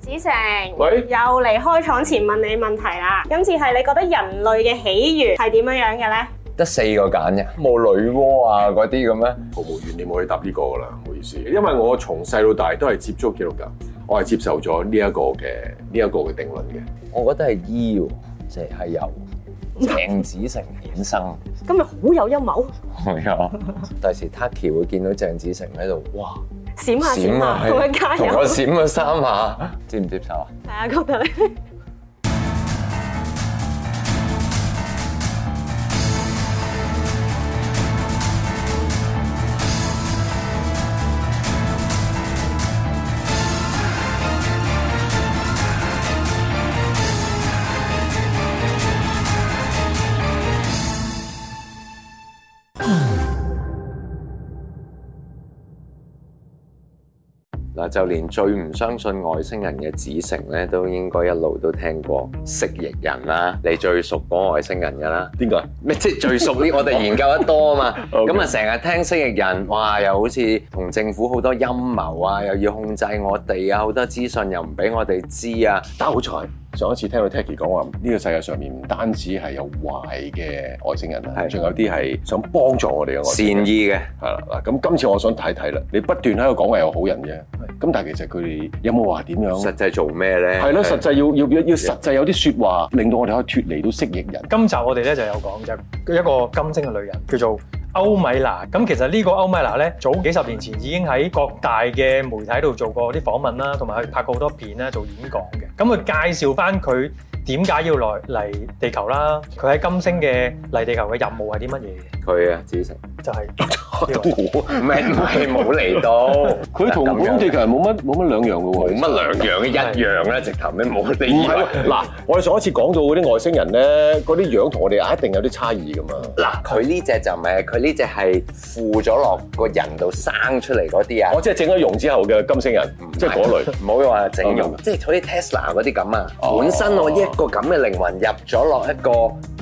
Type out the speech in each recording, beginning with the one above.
子誠，喂，又嚟開廠前問你問題啦。今次係你覺得人類嘅起源係點樣樣嘅咧？得四個揀嘅，冇女媧啊嗰啲咁咧。毫無懸念，你冇去答呢個啦，唔好意思。因為我從細到大都係接觸紀錄片㗎，我係接受咗呢一個嘅呢一個嘅定論嘅。我覺得係 E，即係由鄭子誠衍生。 今日好有陰謀。係啊， 第時 Tecki 會見到鄭子誠喺度，哇！閃下閃下，同佢加油！我閃咗三下， 接唔接受啊？係啊，覺得。就連最唔相信外星人嘅子成咧，都應該一路都聽過蜥蜴人、啊、啦，你最熟嗰外星人噶啦、啊。邊個？咩即係最熟啲？ 我哋研究得多啊嘛。咁啊，成日聽蜥蜴人，哇，又好似同政府好多陰謀啊，又要控制我哋啊，好多資訊又唔俾我哋知啊。但好彩！上一次聽到 Tecki 講話，呢個世界上面唔單止係有壞嘅外星人啊，係仲的有啲係想幫助我哋嘅善意嘅。係啦，嗱，咁今次我想睇睇啦，你不斷喺度講話有好人嘅。咁但係其實佢哋有冇話點樣，實際做咩咧？係咯，實際要要要實際有啲説話，令到我哋可以脫離到適應人。今集我哋咧就有講就一個金星嘅女人叫做歐米娜。咁其實呢個歐米娜咧，早幾十年前已經喺各大嘅媒體度做過啲訪問啦，同埋去拍過好多片啦，做演講嘅。咁佢介紹翻佢。點解要來嚟地球啦？佢喺金星嘅嚟地球嘅任務係啲乜嘢？佢啊，子誠就係冇咩，冇嚟到。佢同本地球人冇乜冇乜兩樣嘅喎，冇乜兩樣，一樣啦，直頭咩冇。你以為嗱，我哋上一次講到嗰啲外星人咧，嗰啲樣同我哋一定有啲差異嘅嘛？嗱，佢呢隻就唔係，佢呢隻係附咗落個人度生出嚟嗰啲啊。即係整咗容之後嘅金星人，即係嗰類，唔好話整容，即係好似 Tesla 嗰啲咁啊。本身我依。個咁嘅靈魂入咗落一個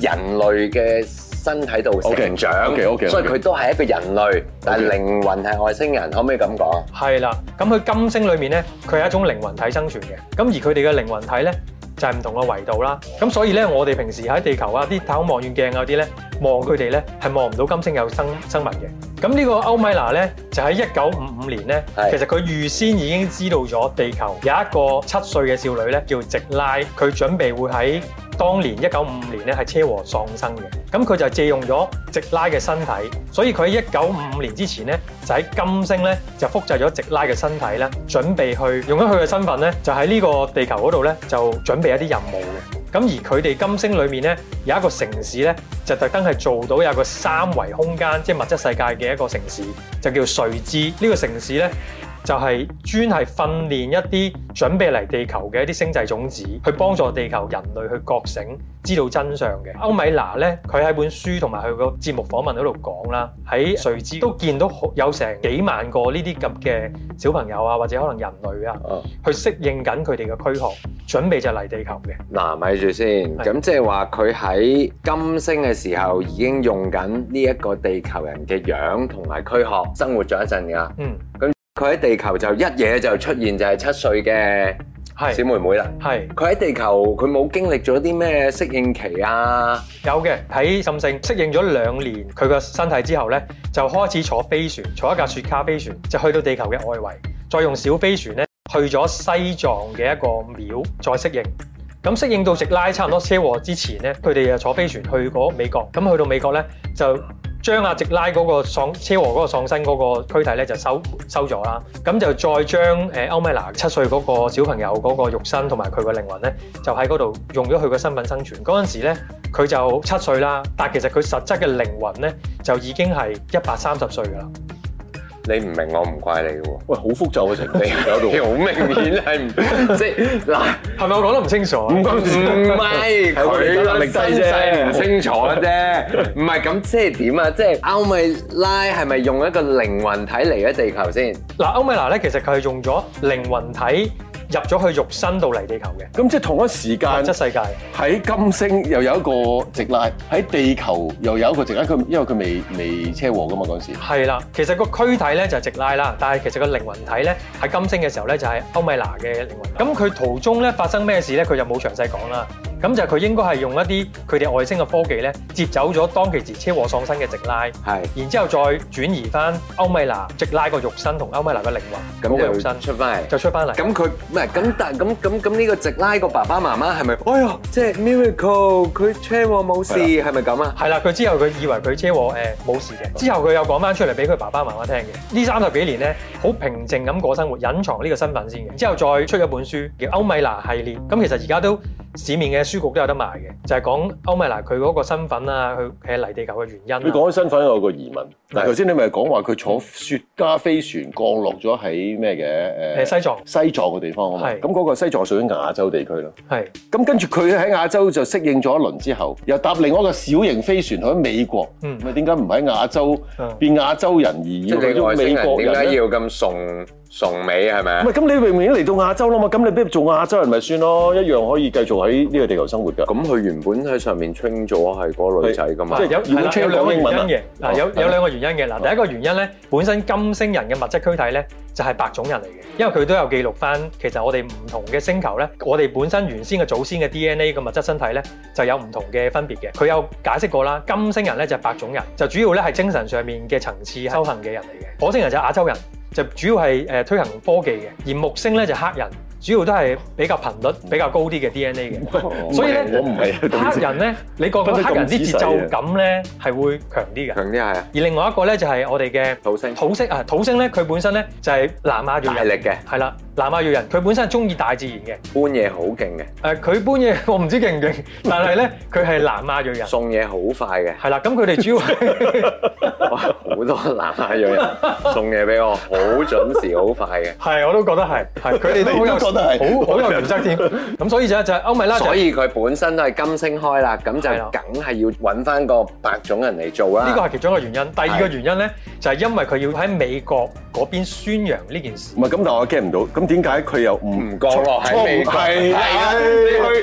人類嘅身體度成長，okay, okay, okay, okay. 所以佢都係一個人類，但係靈魂係外星人，Okay. 可唔可以咁講？係啦，咁佢金星裏面咧，佢係一種靈魂體生存嘅，咁而佢哋嘅靈魂體咧。就係唔同嘅維度啦，咁所以咧，我哋平時喺地球啊，啲太空望遠鏡嗰啲咧，望佢哋咧，係望唔到金星有生生物嘅。咁呢個歐米娜咧，就喺一九五五年咧，其實佢預先已經知道咗地球有一個七歲嘅少女咧，叫直拉，佢準備會喺當年一九五五年咧，係車禍喪生嘅。咁佢就借用咗直拉嘅身體，所以佢喺一九五五年之前咧，就喺金星咧就複製咗直拉嘅身體咧，準備去用咗佢嘅身份咧，就喺呢個地球嗰度咧就準備。有啲任務嘅，咁而佢哋金星裏面咧，有一個城市咧，就特登係做到有個三維空間，即係物質世界嘅一個城市，就叫瑞智呢個城市咧。就係專係訓練一啲準備嚟地球嘅一啲星際種子，去幫助地球人類去覺醒，知道真相嘅歐米娜呢。呢佢喺本書同埋佢個節目訪問嗰度講啦，喺瑞芝都見到有成幾萬個呢啲咁嘅小朋友啊，或者可能人類啊，哦、去適應緊佢哋嘅軀殼，準備就嚟地球嘅嗱，咪住先。咁即係話佢喺金星嘅時候已經用緊呢一個地球人嘅樣同埋軀殼生活咗一陣㗎，嗯，佢喺地球就一嘢就出現，就係七歲嘅小妹妹啦。係佢喺地球，佢冇經歷咗啲咩適應期啊？有嘅喺金星適應咗兩年佢個身體之後咧，就開始坐飛船，坐一架雪茄飛船，就去到地球嘅外圍，再用小飛船咧去咗西藏嘅一個廟再適應。咁適應到直拉差唔多車禍之前咧，佢哋又坐飛船去過美國。咁去到美國咧就。將阿直拉嗰個喪車禍嗰個喪生嗰個軀體咧就收收咗啦，咁就再將誒歐米娜七歲嗰個小朋友嗰個肉身同埋佢個靈魂咧，就喺嗰度用咗佢個身份生存。嗰陣時咧，佢就七歲啦，但係其實佢實質嘅靈魂咧，就已經係一百三十歲㗎啦。你唔明我唔怪你嘅喎，喂，好複雜嘅場地喺度，好明顯係唔即係嗱，係咪我講得唔清楚啊？唔唔係佢能力細啫，唔清楚嘅啫，唔係咁即係點啊？即係歐米娜係咪用一個靈魂體嚟喺地球先？嗱歐米娜咧，其實佢係用咗靈魂體。入咗去肉身度嚟地球嘅，咁即係同一時間，質世界喺金星又有一個直拉，喺地球又有一個直拉。佢因為佢未未車禍噶嘛嗰時，係啦。其實個軀體咧就係直拉啦，但係其實個靈魂體咧喺金星嘅時候咧就係歐米娜嘅靈魂。咁佢途中咧發生咩事咧？佢就冇詳細講啦。咁就係佢應該係用一啲佢哋外星嘅科技咧，接走咗當其時車禍喪生嘅直拉，係是，然之後再轉移翻歐米娜直拉個肉身同歐米娜嘅靈魂，個這樣 肉身出翻嚟，就出翻嚟。咁佢咩？咁但咁咁咁呢個直拉個爸爸媽媽係咪？哎唷，即係 miracle，佢車禍冇事，係咪咁啊？係啦，佢之後佢以為佢車禍誒冇、呃、事嘅，之後佢又講翻出嚟俾佢爸爸媽媽聽嘅。呢三十幾年咧，好平靜咁過生活，隱藏呢個身份先嘅。之後再出咗本書叫《歐米娜系列》。咁其實而家都，市面嘅書局都有得賣嘅，就係、是、講歐米娜佢嗰個身份啊，佢係嚟地球嘅原因。你講起身份，有個疑問。嗱是，頭先、啊、你咪講話佢坐雪茄飛船降落咗喺咩嘅？誒、呃，西藏。西藏嘅地方啊嘛。咁嗰是個西藏屬於亞洲地區咯。係是。咁跟住佢喺亞洲就適應咗一輪之後，又搭另外一個小型飛船去美國。嗯。咪點解唔喺亞洲變亞洲人而、嗯，而已。嚟咗美國人咧？要咁送？崇尾係咪？唔係，咁你明明嚟到亞洲啦嘛，咁你不如做亞洲人咪算咯，一樣可以繼續喺呢個地球生活㗎。咁佢原本喺上面稱咗係個女仔噶嘛，即係有有兩個原因嘅。嗱，有有兩個原因嘅。嗱，第一個原因咧，本身金星人嘅物質軀體咧就係白種人嚟嘅，因為佢都有記錄翻。其實我哋唔同嘅星球咧，我哋本身原先嘅祖先嘅 DNA 嘅物質身體咧就有唔同嘅分別嘅。佢有解釋過啦，金星人咧就係白種人，就主要咧係精神上面嘅層次修行嘅人嚟嘅，火星人就係亞洲人，就主要係誒推行科技嘅，而木星咧就是、黑人，主要都係比較頻率比較高啲嘅 DNA 嘅， 我白所以咧黑人咧，你覺得黑人啲節奏感咧係會強啲嘅，強啲係啊！而另外一個咧就係、是、我哋嘅土星，土星啊，土星咧佢本身咧就係、是、南亞最有力嘅，係啦。南亞裔人，佢本身中意大自然嘅，搬嘢好勁嘅。誒，佢搬嘢我唔知勁唔勁，但係咧佢係南亞裔人，送嘢好快嘅。係啦，咁佢哋主要係哇好多南亞裔人送嘢俾我，好準時，好快嘅。係，我都覺得係，係佢哋都好有真係，好好有原則添。咁所以就就歐米娜，所以佢本身都係金星開啦，咁就梗係要揾翻個白種人嚟做啦。呢個係其中一個原因。第二個原因咧，就係因為佢要喺美國嗰邊宣揚呢件事？唔係咁，但我 get 唔到。咁點解佢又唔講落？錯唔係？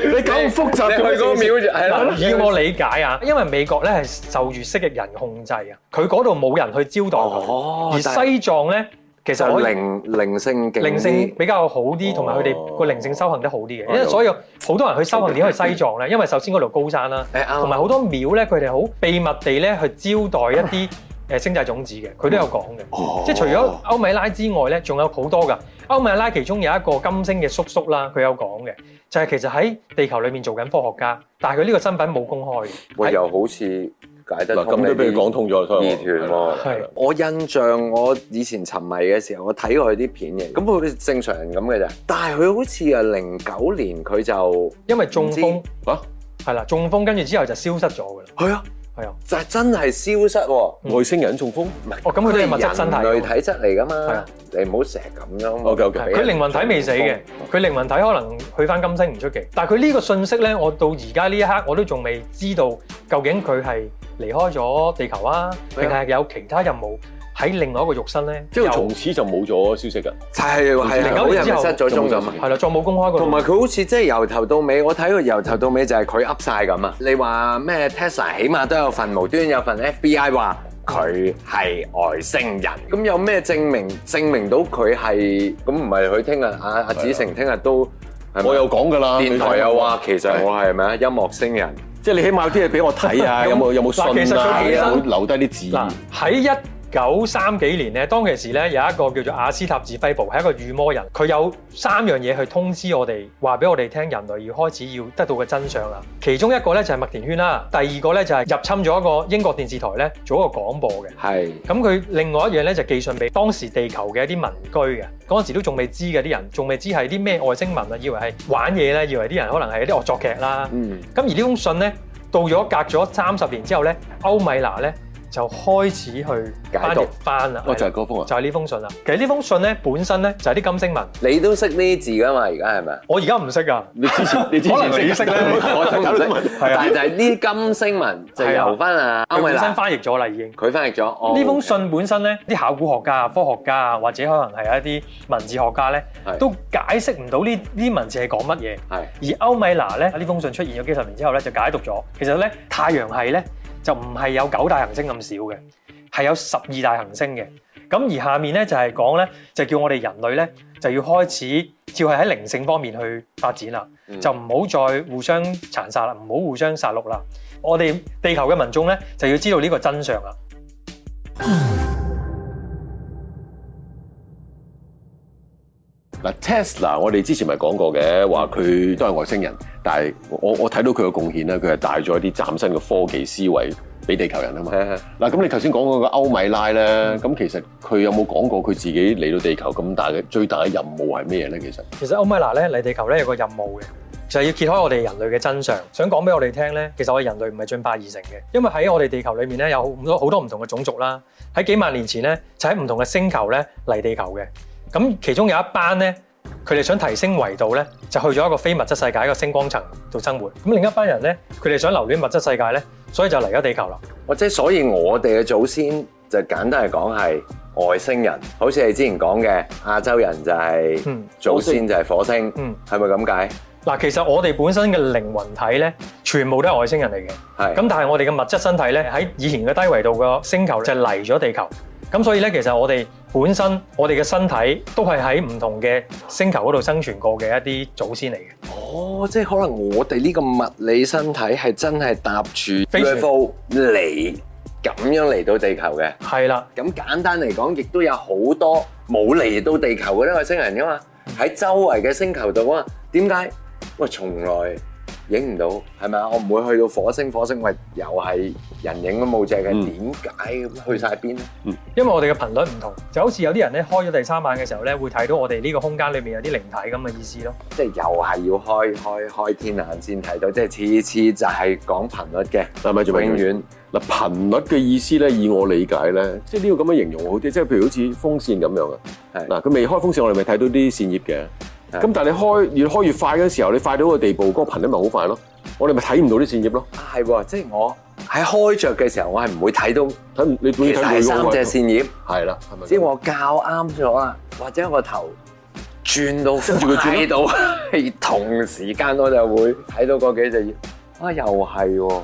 你咁複雜去個廟，係啦。以我理解啊，因為美國咧係受住蜥蜴人控制啊，佢嗰度冇人去招待佢哦，而西藏咧，其實靈靈性勁啲。靈性比較好啲，同埋佢哋個靈性修行得好啲嘅，因為所以好多人去修行點去西藏咧，因為首先嗰度高山啦，同埋好多廟咧，佢哋好秘密地咧去招待一啲。誒星際種子嘅，佢都有講嘅，哦、即係除咗歐米拉之外咧，仲有好多噶。歐米拉其中有一個金星嘅叔叔啦，佢有講嘅，就係、是、其實喺地球裡面做緊科學家，但係佢呢個身份冇公開嘅。又好似解得咁都俾佢講通咗，所以二斷我印象我以前沉迷嘅時候，我睇過佢啲片嘅，咁佢正常人咁嘅咋？但係佢好似啊，零九年佢就因為中風嚇，係啦、啊，中風跟住之後就消失咗噶啦。係啊。係啊，就真係消失喎！外星人中風唔係，哦咁佢都係物質身體，類體質嚟㗎嘛？係啊，你唔好成日咁樣。我夠強，佢靈魂體未死嘅，佢靈魂體可能去返金星唔出奇。但係佢呢個信息咧，我到而家呢一刻我都仲未知道究竟佢係離開咗地球啊，定係有其他任務？喺另外一個肉身咧，即係從此就冇咗消息㗎。係係零九年失咗蹤咁啊，係啦，再冇公開過。同埋佢好似即係由頭到尾，我睇佢由頭到尾就係佢噏晒咁啊！你話咩？Tesla 起碼都有份無端有份 FBI 話佢係外星人，咁有咩證明證明到佢係咁？唔係佢聽日阿阿子成聽日都，我有講㗎啦，電台又話其實我係咩啊？音樂星人，即係你起碼有啲嘢俾我睇啊！有冇有冇信啊？留留低啲字喺一。九三幾年咧，當其時咧有一個叫做亞斯塔指揮部，係一個預魔人，佢有三樣嘢去通知我哋，話俾我哋聽，人類要開始要得到嘅真相啦。其中一個咧就係麥田圈啦，第二個咧就係入侵咗一個英國電視台咧做一個廣播嘅。係是。咁佢另外一樣咧就寄信俾當時地球嘅一啲民居嘅，嗰陣時都仲未知嘅啲人，仲未知係啲咩外星文啊，以為係玩嘢咧，以為啲人可能係一啲惡作劇啦。嗯。咁而呢封信咧，到咗隔咗三十年之後咧，歐米娜咧。就開始去解讀翻啦，哦，就係嗰封啊，就係呢封信啦。其實呢封信咧本身咧就係啲金星文，你都識呢啲字噶嘛？而家係咪？我而家唔識噶，你之前你之前識咧，我唔識。但係就係呢啲金星文就由翻啊歐米娜翻譯咗啦，已經佢翻譯咗。呢封信本身咧，啲考古學家、科學家或者可能係一啲文字學家咧，都解釋唔到呢啲文字係講乜嘢。而歐米娜咧，呢封信出現咗幾十年之後咧，就解讀咗。其實咧，太陽系咧。就唔係有九大行星咁少嘅，係有十二大行星嘅。咁而下面咧就係講咧，就叫我哋人類咧就要開始照係喺靈性方面去發展啦，就唔好再互相殘殺啦，唔好互相殺戮啦。我哋地球嘅民眾咧就要知道呢個真相啦。 嗱，Tesla，我哋之前咪講過嘅，話佢都係外星人，但係我我睇到佢嘅貢獻咧，佢係帶咗一啲嶄新嘅科技思維俾地球人啊嘛。嗱，咁你頭先講嗰個歐米娜咧，咁其實佢有冇講過佢自己嚟到地球咁大嘅最大嘅任務係咩咧？其實其實歐米娜咧嚟地球咧有個任務嘅，就係要揭開我哋人類嘅真相，想講俾我哋聽咧，其實我哋人類唔係進化而成嘅，因為喺我哋地球裡面咧有好多好多唔同嘅種族啦，喺幾萬年前咧就喺唔同嘅星球咧嚟地球嘅。咁其中有一班咧，佢哋想提升維度咧，就去咗一個非物質世界一個星光層度生活。咁另一班人咧，佢哋想留戀物質世界咧，所以就嚟咗地球啦。哇！即所以我哋嘅祖先，就簡單嚟講係外星人。好似你之前講嘅亞洲人就係祖先就係火星，嗯，係咪咁解？嗱，其實我哋本身嘅靈魂體咧，全部都係外星人嚟嘅。係。咁但係我哋嘅物質身體咧，喺以前嘅低維度嘅星球就嚟咗地球。咁所以咧，其實我哋本身我哋嘅身體都係喺唔同嘅星球嗰度生存過嘅一啲祖先嚟嘅。哦，即係可能我哋呢個物理身體係真係搭住飛船嚟咁樣嚟到地球嘅。係啦的，咁簡單嚟講，亦都有好多冇嚟到地球嘅呢個外星人噶嘛，喺周圍嘅星球度啊，點解喂，從來影唔到，係咪啊？我唔會去到火星，火星咪又係人影都冇隻嘅，點解去晒邊咧？嗯，為嗯，因為我哋嘅頻率唔同，就好似有啲人咧開咗第三眼嘅時候咧，會睇到我哋呢個空間裏面有啲靈體咁嘅意思咯。即係又係要開開開天眼先睇到，即係次次就係講頻率嘅，係咪做乜永遠嗱，頻、嗯、率嘅意思咧，以我理解咧，即係呢個咁嘅形容好啲，即係譬如好似風扇咁樣啊。係嗱的，佢未開風扇，我哋咪睇到啲扇葉嘅。咁但係你開越開越快嘅時候，你快到個地步，嗰個頻率咪好快咯。我哋咪睇唔到啲扇葉咯。啊，係喎，即係我喺開着嘅時候，我係唔會睇到睇你睇第其實 三隻扇葉係啦，係咪？即係我較啱咗啦，或者我個頭轉到，到，跟住佢轉到，係同時間我就會睇到嗰幾隻葉。啊，又係。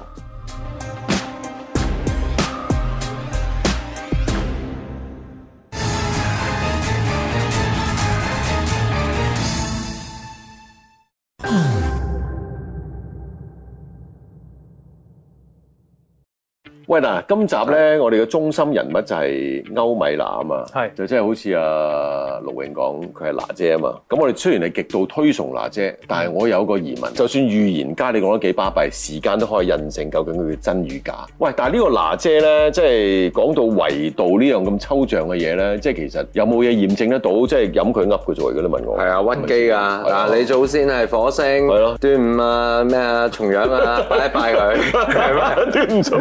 喂嗱，今集咧，我哋嘅中心人物就係歐米娜啊嘛，就即係好似阿陸永講，佢係娜姐啊嘛。咁我哋雖然係極度推崇娜姐，但係我有一個疑問，就算預言家你講得幾巴閉，時間都可以印證究竟佢嘅真與假。喂，但係呢個娜姐咧，即係講到維度呢樣咁抽象嘅嘢咧，即係其實有冇嘢驗證得到？即係飲佢噏佢做而家都問我。係啊，屈機啊！嗱，你祖先係火星，係咯，端午啊，咩啊，重陽啊，拜一拜佢係端午重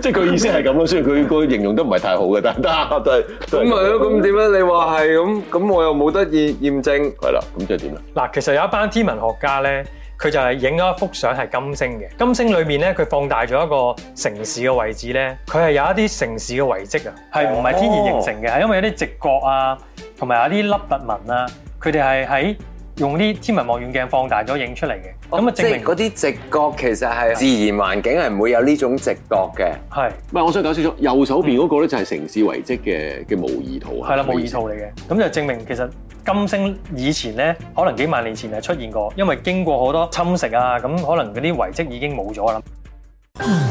即係佢意思係咁咯，所以佢個形容都唔係太好嘅，但係都係咁係咯，咁點樣？你話係咁，咁我又冇得意驗證，係啦，咁即係點啦？嗱，其實有一班天文學家咧，佢就係影咗一幅相係金星嘅，金星裏面咧，佢放大咗一個城市嘅位置咧，佢係有一啲城市嘅遺跡啊，係唔係天然形成嘅？係因為有啲直角啊，同埋有啲凹凸紋啊，佢哋係喺，用啲天文望遠鏡放大咗影出嚟嘅，咁啊、哦、證明嗰啲直覺其實係自然環境係唔會有呢種直覺嘅。係是，唔係我想講少少，右手邊嗰個咧就係城市遺跡嘅嘅模擬圖。係啦、嗯，吧模擬圖嚟嘅，咁就證明其實金星以前咧可能幾萬年前係出現過，因為經過好多侵蝕啊，咁可能嗰啲遺跡已經冇咗啦。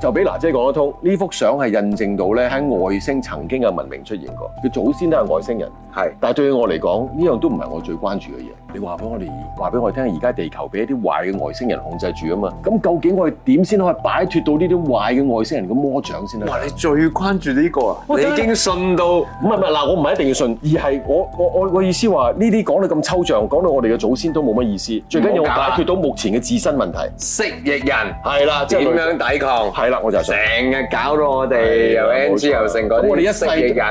就俾娜姐講得通，呢幅相係印證到咧喺外星曾經嘅文明出現過，佢祖先都係外星人。係是，但對我嚟講，呢樣都唔係我最關注嘅嘢。你話俾我哋，話俾我聽，而家地球俾一啲壞嘅外星人控制住啊嘛。咁、嗯、究竟我哋點先可以擺脱到呢啲壞嘅外星人嘅魔掌先咧？哇！你最關注呢、呢個啊？你已經信到唔係唔係嗱？我唔係一定要信，而係我我我我意思話呢啲講到咁抽象，講到我哋嘅祖先都冇乜意思。最緊要我解決到目前嘅自身問題。蜥蜴人係啦，點樣抵抗？啦！我就成日搞到我哋又 NG 又成嗰啲，我哋一世紀近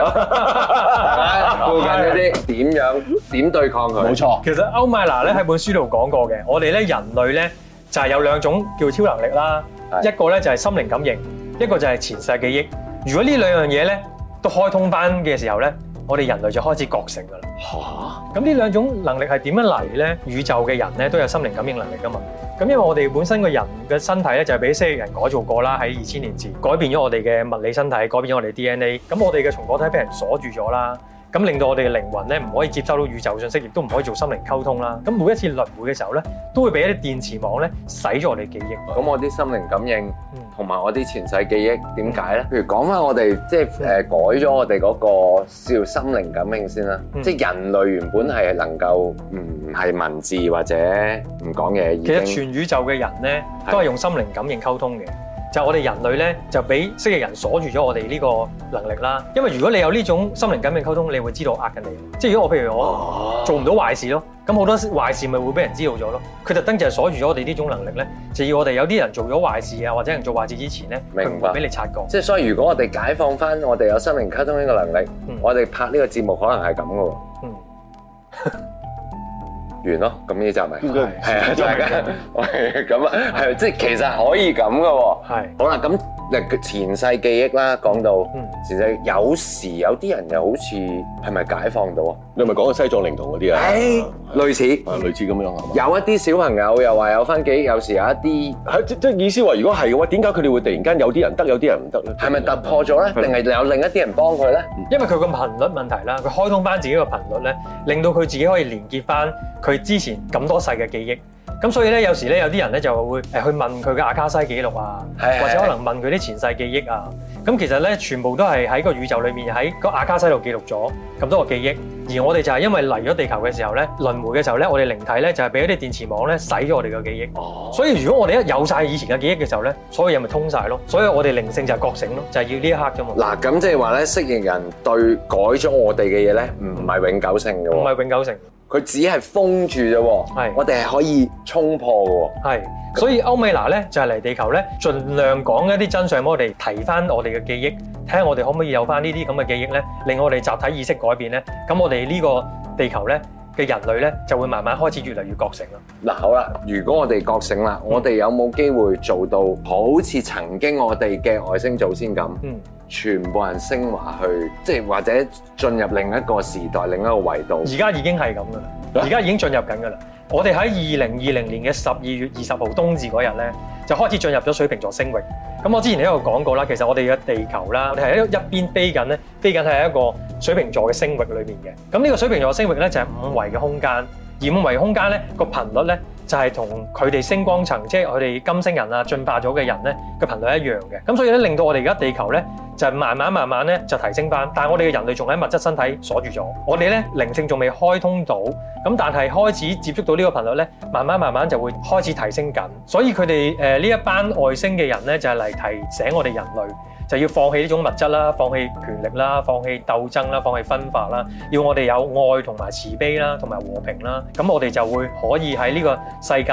附近嗰啲，點樣點對抗佢？冇錯，其實歐米娜咧喺本書度講過嘅，我哋咧人類咧就係有兩種叫做超能力啦，一個咧就係心靈感應，一個就係前世記憶。如果呢兩樣嘢咧都開通翻嘅時候咧，我哋人類就開始覺醒噶啦。嚇！咁呢兩種能力係點樣嚟咧？宇宙嘅人咧都有心靈感應能力噶嘛？咁因為我哋本身個人嘅身體咧，就係俾蜥蜴人改造過啦，喺二千年前改變咗我哋嘅物理身體，改變咗我哋 DNA。咁我哋嘅松果體被人鎖住咗啦。咁令到我哋嘅靈魂咧，唔可以接收到宇宙信息，亦都唔可以做心靈溝通啦。咁每一次輪迴嘅時候咧，都會俾一啲電磁網咧洗咗我哋記憶。咁我啲心靈感應同埋、嗯、我啲前世記憶點解咧？呢嗯、譬如講翻我哋即係誒改咗我哋嗰個叫心靈感應先啦。嗯、即係人類原本係能夠唔係文字或者唔講嘢。其實全宇宙嘅人咧，都係用心靈感應溝通嘅。就我哋人類咧，就俾蜥蜴人鎖住咗我哋呢個能力啦。因為如果你有呢種心靈感應溝通，你會知道呃緊你。即係如果我譬如我、oh. 做唔到壞事咯，咁好多壞事咪會俾人知道咗咯。佢特登就係鎖住咗我哋呢種能力咧，就要我哋有啲人做咗壞事啊，或者人做壞事之前咧，明啊白俾你察覺。即係所以，如果我哋解放翻我哋有心靈溝通呢個能力，嗯、我哋拍呢個節目可能係咁噶喎。嗯 完咯，咁呢集咪係啊，就咁啊，係即係其實可以咁㗎喎，係的。好啦，咁。嗱，前世記憶啦，講到前世、嗯、有時有啲人又好似係咪解放到啊？你係咪講個西藏靈童嗰啲啊？係，類似，係類似咁樣係嘛？有一啲小朋友又話有翻記憶，有時有一啲，係即即意思話，如果係嘅話，點解佢哋會突然間有啲人得，有啲人唔得咧？係咪突破咗咧？定係、嗯、有另一啲人幫佢咧？嗯、因為佢個頻率問題啦，佢開通翻自己個頻率咧，令到佢自己可以連結翻佢之前咁多世嘅記憶。咁所以咧，有時咧，有啲人咧就會誒去問佢嘅阿卡西記錄啊，係。或者可能問佢啲前世記憶啊。咁、嗯、其實咧，全部都係喺個宇宙裏面，喺個阿卡西度記錄咗咁多個記憶。而我哋就係因為嚟咗地球嘅時候咧，輪迴嘅時候咧，我哋靈體咧就係俾一啲電磁網咧洗咗我哋嘅記憶。哦，所以如果我哋一有晒以前嘅記憶嘅時候咧，所有人咪通晒咯。所以我哋靈性就係覺醒咯，就係、是、要呢一刻啫嘛。嗱、啊，咁即係話咧，適應人對改咗我哋嘅嘢咧，唔係永久性嘅。唔係永久性。佢只係封住啫，係是我哋係可以衝破嘅。係所以歐米娜咧就係、是、嚟地球咧，盡量講一啲真相，俾我哋提翻我哋嘅記憶，睇下我哋可唔可以有翻呢啲咁嘅記憶咧，令我哋集體意識改變咧，咁我哋呢個地球咧。嘅人類咧就會慢慢開始越嚟越覺醒啦。嗱好啦，如果我哋覺醒啦，嗯、我哋有冇機會做到好似曾經我哋嘅外星祖先咁，嗯、全部人升華去，即係或者進入另一個時代、另一個維度。而家已經係咁噶啦。而家已經進入緊㗎啦！我哋喺二零二零年嘅十二月二十號冬至嗰日咧，就開始進入咗水瓶座星域。咁我之前喺度講過啦，其實我哋嘅地球啦，我哋係一邊飛緊咧，飛緊係一個水瓶座嘅星域裏面嘅。咁呢個水瓶座嘅星域咧，就係五維嘅空間，而五維空間咧個頻率咧，就係同佢哋星光層，即係佢哋金星人啊進化咗嘅人咧嘅頻率一樣嘅，咁所以咧令到我哋而家地球咧就慢慢慢慢咧就提升返，但係我哋嘅人類仲喺物質身體鎖住咗，我哋咧靈性仲未開通到，咁但係開始接觸到呢個頻率咧，慢慢慢慢就會開始提升緊，所以佢哋誒呢一班外星嘅人咧就係嚟提醒我哋人類。就要放棄呢種物質啦，放棄權力啦，放棄鬥爭啦，放棄分化啦，要我哋有愛同埋慈悲啦，同埋和平啦，咁我哋就會可以喺呢個世界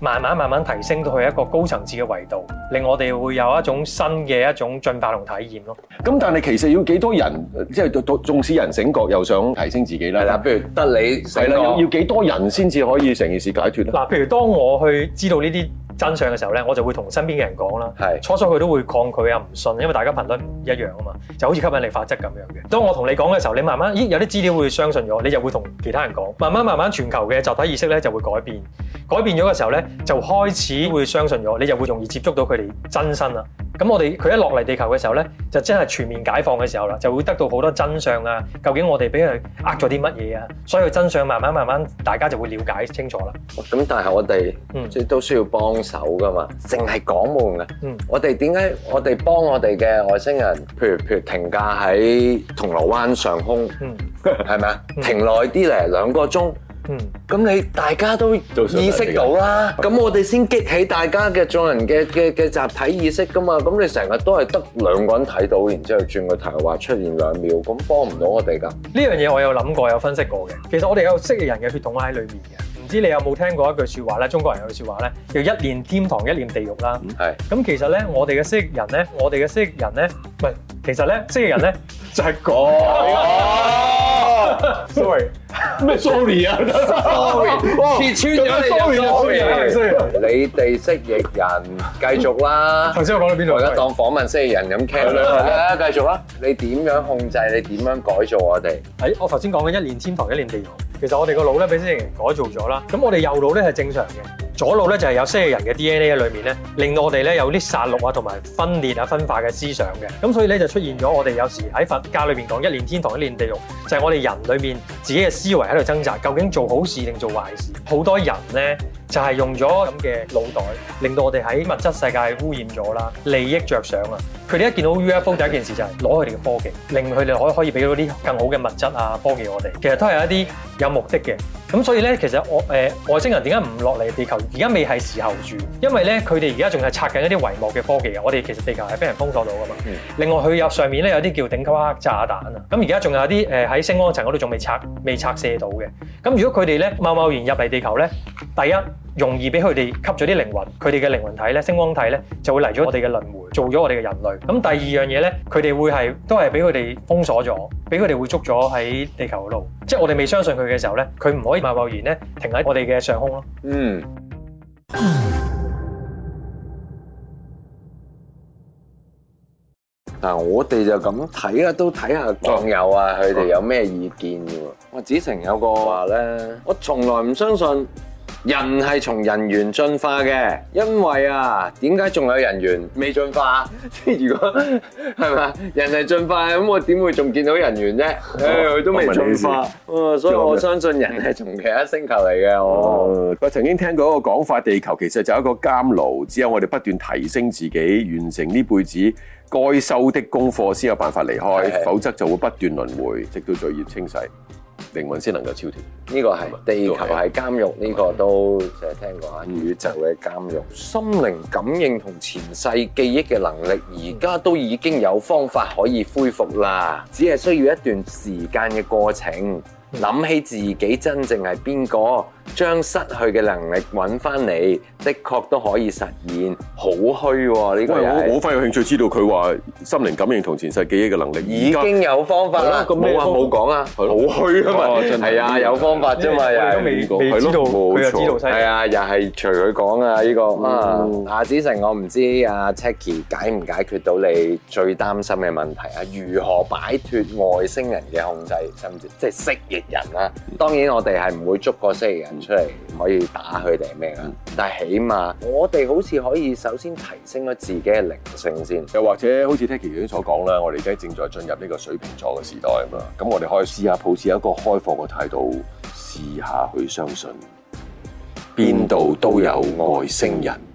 慢慢慢慢提升到去一個高層次嘅維度。令我哋會有一種新嘅一種進化同體驗咯。咁但係其實要幾多人，即係縱使人醒覺又想提升自己咧？係啦的，譬如得你醒覺，要要幾多人先至可以成件事解決咧？嗱，譬如當我去知道呢啲真相嘅時候咧，我就會同身邊嘅人講啦。係的。初初佢都會抗拒啊，唔信，因為大家頻率唔一樣啊嘛，就好似吸引力法則咁樣嘅。當我同你講嘅時候，你慢慢，咦，有啲資料會相信咗，你就會同其他人講，慢慢慢慢全球嘅集體意識咧就會改變，改變咗嘅時候咧就開始會相信咗，你就會容易接觸到佢佢哋真身啊！咁我哋佢一落嚟地球嘅時候咧，就真係全面解放嘅時候啦，就會得到好多真相啊！究竟我哋俾佢呃咗啲乜嘢啊？所以真相慢慢慢慢，大家就會了解清楚啦。咁、嗯、但係我哋，嗯，即都需要幫手噶嘛，淨係講冇用嘅。嗯，我哋點解我哋幫我哋嘅外星人？譬如譬如停架喺銅鑼灣上空，嗯，係咪啊？停耐啲嚟兩個鐘。嗯，咁你大家都意識到啦，咁我哋先激起大家嘅眾人嘅嘅嘅集體意識噶嘛，咁你成日都係得兩個人睇到，然之後轉個頭話出現兩秒，咁幫唔到我哋噶。呢樣嘢我有諗過，有分析過嘅。其實我哋有蜥蜴人嘅血統喺裏面嘅，唔知你有冇聽過一句説話咧？中國人有句説話咧，叫一念天堂，一念地獄啦。係是。咁其實咧，我哋嘅蜥蜴人咧，我哋嘅蜥蜴人咧，喂，其實咧，蜥蜴人咧 就係講、那個。Sorry。咩 sorry 啊 sorry 切穿咗 r 嘅腦嘅，係咪先？你哋蜥蜴人繼續啦。頭先我講到邊度？我當訪問蜥蜴人咁傾啦，繼續啦。你點樣控制？你點樣改造我哋？喺、哎、我頭先講嘅一年天堂一年地獄。其實我哋個腦咧俾蜥蜴人改造咗啦。咁我哋右腦咧係正常嘅。左腦咧就係有蜥蜴人嘅 DNA 喺裏面咧，令到我哋咧有啲殺戮啊，同埋分裂啊、分化嘅思想嘅。咁所以咧就出現咗我哋有時喺佛教裏邊講一念天堂，一念地獄，就係、是、我哋人裏面自己嘅思維喺度掙扎，究竟做好事定做壞事？好多人咧就係用咗咁嘅腦袋，令到我哋喺物質世界污染咗啦，利益着想啊！佢哋一見到 UFO 第一件事就係攞佢哋嘅科技，令佢哋可可以俾到啲更好嘅物質啊，幫我哋。其實都係一啲。有目的嘅，咁所以咧，其實外誒、呃、外星人點解唔落嚟地球？而家未係時候住，因為咧佢哋而家仲係拆緊一啲帷幕嘅科技嘅。我哋其實地球係畀人封鎖到㗎嘛。另外佢入上面咧有啲叫頂級核炸彈啊。咁而家仲有啲誒喺星光層嗰度仲未拆未拆卸到嘅。咁如果佢哋咧貿貿然入嚟地球咧，第一，容易俾佢哋吸咗啲靈魂，佢哋嘅靈魂體咧、星光體咧，就會嚟咗我哋嘅輪迴，做咗我哋嘅人類。咁第二樣嘢咧，佢哋會係都係俾佢哋封鎖咗，俾佢哋會捉咗喺地球度。即係我哋未相信佢嘅時候咧，佢唔可以貿貿然咧停喺我哋嘅上空咯。嗯。嗱， 我哋就咁睇啊，都睇下網友啊，佢哋有咩意見喎？嗯、我子誠有個話咧，我，呢我從來唔相信。人係從人猿進化嘅。因為啊，點解仲有人猿未進化？即 係如果係咪人係進化咁，我點會仲見到人猿啫？誒、哦，哎，佢都未進化，哦、所以我相信人係從其他星球嚟嘅。我曾經聽過一個講法，地球其實就係一個監牢，只有我哋不斷提升自己，完成呢輩子該修的功課，先有辦法離開，的否則就會不斷輪迴，直到罪業清洗。靈魂先能夠超脱，呢個係地球係監獄，呢是個都成日聽講宇宙嘅監獄，嗯、心靈感應同前世記憶嘅能力，而家都已經有方法可以恢復啦，嗯、只係需要一段時間嘅過程，諗、嗯、起自己真正係邊個。將失去嘅能力揾翻嚟，的確都可以實現，好虛喎呢個又係。喂，我我好快有興趣知道佢話心靈感應同前世記憶嘅能力已經有方法啦。冇話冇講啊，係咯，好虛啊嘛，係啊，有方法啫嘛，又係咁講，係咯，冇錯，係啊，又係隨佢講啊呢個。阿子誠，我唔知阿 Tecki 解唔解決到你最擔心嘅問題啊？如何擺脱外星人嘅控制，甚至即係蜥蜴人啦？當然我哋係唔會捉個蜥蜴人，出嚟可以打佢哋係咩啦？嗯、但係起碼我哋好似可以首先提升咗自己嘅靈性先，又或者好似 Tecki 所講啦，我哋而家正在進入呢個水瓶座嘅時代啊嘛，咁我哋可以試下抱持一個開放嘅態度，試下去相信邊度都有外星人。